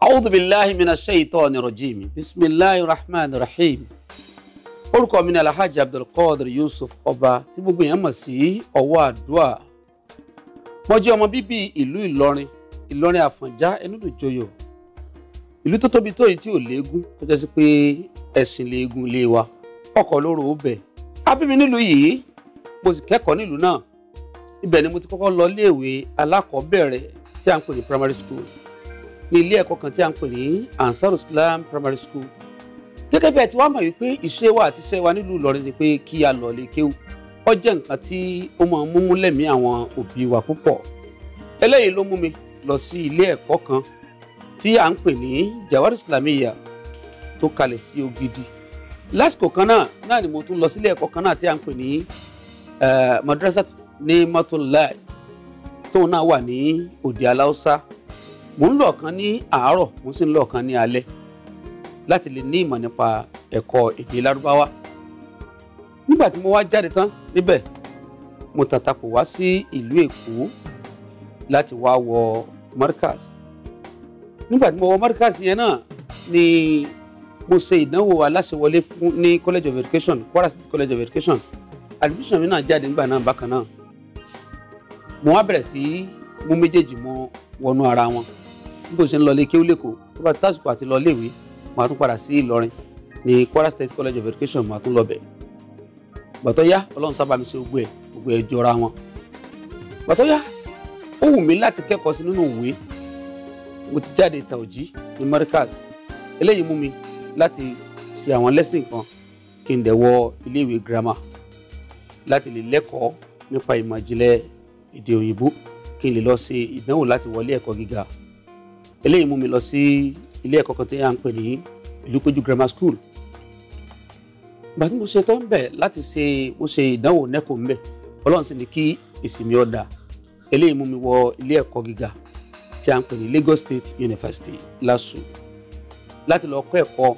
A'udhu billahi minash shaitani rajim bismillahir rahmanir rahim orúkọ mi ni alhaji abdulkadir yusuf ọba tí gbogbo èèyàn mọ̀ sí ọwọ́ àdúà mo jẹ́ ọmọ bíbí ìlú ìlọrin ìlọrin àfọ̀njá ẹnudùjọyọ̀ ìlú tó tóbi tó yìí tí ò léegun tó jẹ́ sí pé ẹ̀sìn léegun lé wa ọkọ̀ lóró ó bẹ̀ a nílùú yìí mo sì kẹ́kọ̀ọ́ nílùú náà ibẹ̀ ni mo ti kọ́kọ́ lọ iléèwé alákọ̀ọ́bẹ̀rẹ̀ tí à ń pè ní primary school ní ilé ẹ̀kọ́ kan tí a ń pè ní Ansarul Islam Primary School gẹ́gẹ́ bí ẹ ti wá mọ̀ wípé ìṣe wa àti iṣẹ́ wa nílùú Ìlọrin ni pé kí a lọ lè kéwù ó jẹ́ nǹkan tí ó máa ń múmú lẹ́mìí àwọn òbí wa púpọ̀ eléyìí ló mú mi lọ sí ilé ẹ̀kọ́ kan tí a ń pè ní Jawahirul Islamiyya tó kalẹ̀ sí Ògidì lásìkò kan náà náà ni mo tún lọ sílé ẹ̀kọ́ kan náà tí a ń pè ní eh, madrasa ní mọ́tòláì tóun náà wà ní òde aláùsá mo ń lọ ọ̀kan ní àárọ̀ mo sì ń lọ ọ̀kan ní alẹ́ láti lè ní ìmọ̀ nípa ẹ̀kọ́ èdè lárúbáwá nígbà tí mo wá jáde tán níbẹ̀ mo tàtàkù wá sí ìlú èkó láti wá wọ markaz nígbà tí mo wọ markaz yẹn náà ni mo ṣe ìdánwò aláṣẹwọlé fún ní college of education kwara state college of education admission mi náà jáde nígbà náà bákan náà mo wá bẹ̀rẹ̀ sí mú méjèèjì mọ wọnú ara wọn bí o ṣe ń lọ ilé kéwú lẹ́kọ̀ọ́ tó bá tásìkò àti lọ iléèwé màá tún padà sí Ìlọrin ní Kwara State College of Education màá tún lọ bẹ̀. gbàtọ́ yá Ọlọ́run sábà mi ṣe gbogbo ẹ̀ gbogbo ẹ̀ jọra wọn. gbàtọ́ yá ó wù mí láti kẹ́kọ̀ọ́ sí nínú òwe mo ti jáde tàòjí ní Markaz eléyìí mú mi láti ṣe àwọn lẹ́sìn kan kí n dẹ̀ iléèwé girama láti lè lẹ́kọ̀ọ́ nípa ìmọ̀ ìjìnlẹ̀ èdè òyìnbó kí n lè lọ ṣe ìdánwò láti wọlé ẹ̀kọ́ gíga eléyìí mú mi lọ sí ilé ẹ̀kọ́ kan tí à ń pè ní ìlúpéjú grammar school ìgbà tí mo ṣe tán bẹ̀ láti ṣe mo ṣe ìdánwò nẹ́kọ̀ọ́ mbẹ̀ ọlọ́run sì ní kí èsì mi ó dà eléyìí mú mi wọ ilé ẹ̀kọ́ gíga tí à ń pè ní Lagos State University LASU láti lọ kọ́ ẹ̀kọ́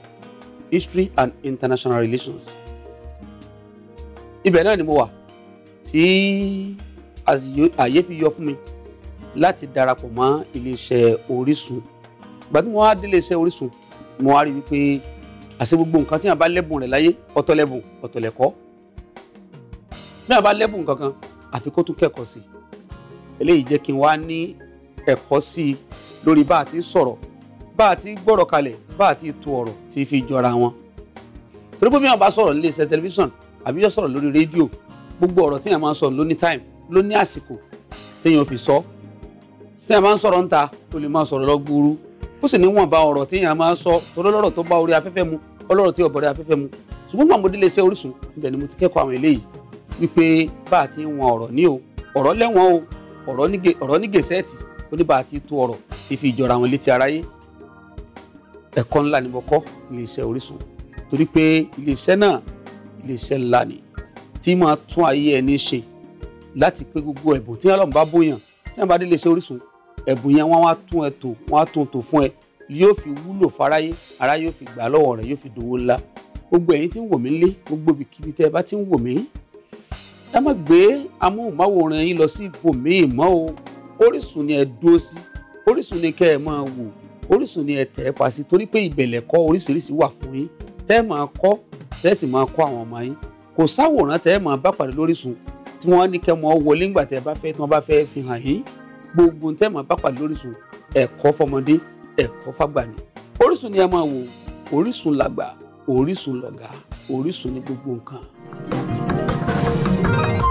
history and international relations ibẹ̀ náà ni mo wà tí àyè fi yọ fún mi láti darapọ̀ mọ́ iléeṣẹ́ Orísun ìgbà tí mo wá délé iṣẹ́ Orísun mo wá rí wípé àṣẹ gbogbo nǹkan tí yàn bá lẹ́bùn rẹ̀ láyé ọ̀tọ̀ lẹ́bùn ọ̀tọ̀ lẹ̀kọ́ bí yàn bá lẹ́bùn kankan àfi kó tún kẹ́kọ̀ọ́ sí eléyìí jẹ́ kí n wá ní ẹ̀kọ́ sí i lórí bá a ti sọ̀rọ̀ bá a ti gbọ́rọ̀ kalẹ̀ bá a ti tu ọ̀rọ̀ tí fi jọra wọn torí pé bí yàn bá sọ̀rọ̀ nílé iṣẹ́ tẹlifíṣàn àbí yàn sọ̀rọ̀ lórí rédíò gbogbo ọ̀rọ̀ time ló ní àsìkò téèyàn fi téèyàn máa ń sọ̀rọ̀ ńta ó lè máa sọ̀rọ̀ lọ gbúrú ó sì níwọ̀nba ọ̀rọ̀ téèyàn máa ń sọ olólọ́rọ̀ tó bá orí afẹ́fẹ́ mu ọlọ́rọ̀ tí ọ̀bọ̀rẹ́ afẹ́fẹ́ mu ṣùgbọ́n gbàmọ́dé lè ṣe Orísun ibẹ̀ ni mo ti kẹ́kọ̀ọ́ àwọn eléyìí wípé bá a ti ń wọn ọ̀rọ̀ ní o ọ̀rọ̀ lẹ́wọ̀n o ọ̀rọ̀ ní gẹ̀ẹ́sẹ̀tì oníbà àti tu ọ̀rọ̀ fífi ìjọra àwọn létí aráyé ẹ̀kọ́ ńlá ni mo kọ́ iléeṣẹ́ Orísun torí pé iléeṣẹ́ náà iléeṣẹ́ ńlá ni tí máa tún ayé ẹni ṣe láti pé gbogbo ẹ̀bùn tí Ọlọ́run bá bóyàn tí wọ́n bá dé iléeṣẹ́ Orísun ẹ̀bùn yẹn wọ́n á tún ẹ tò wọ́n á tún tò fún ẹ yóò fi wúlò fáráyé ara yóò fi gbà lọ́wọ́ rẹ̀ yóò fi dòwó ńlá gbogbo ẹ̀yin tí ń wò mí lé gbogbo ibikíbi tẹ́ ẹ bá ti ń wò mí ẹ má gbé amóhùnmáwòrán yín lọ sí ibòmíì mọ́ o Orísun ni ẹ dúró sí Orísun ni kẹ́ ẹ máa wò Orísun ni ẹ tẹ̀ ẹ́ pa torí pé ìbẹ̀lẹ̀ kọ́ oríṣiríṣi wà fún yín tẹ́ ẹ máa kọ́ tẹ́ ẹ sì máa kọ́ àwọn ọmọ yín kò sáwòrán tẹ́ ẹ máa bá pàdé lórísun tí wọ́n ní kẹ́ mọ́ wọlé ńgbà tẹ́ ẹ bá fẹ́ tí wọ́n bá fẹ́ fi hàn yín gbogbo tẹ́ mọ̀ bá pàdé lóríṣun ẹ̀kọ́ fọmọdé ẹ̀kọ́ fàgbà ni Orísun ni ẹ máa wò Orísun làgbà Orísun lọ̀gá Orísun ni gbogbo nǹkan. thank you